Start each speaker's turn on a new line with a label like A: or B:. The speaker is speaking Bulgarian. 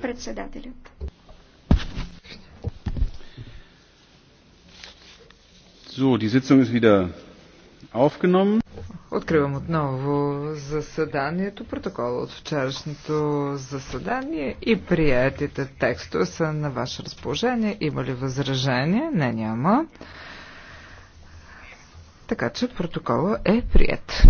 A: Председателят.
B: So, die Sitzung ist wieder aufgenommen.
C: Откривам отново
D: заседанието, протокола от вчерашното заседание и приятите текстове са на ваше разположение. Има ли възражение? Не, няма. Така че протокола е прият.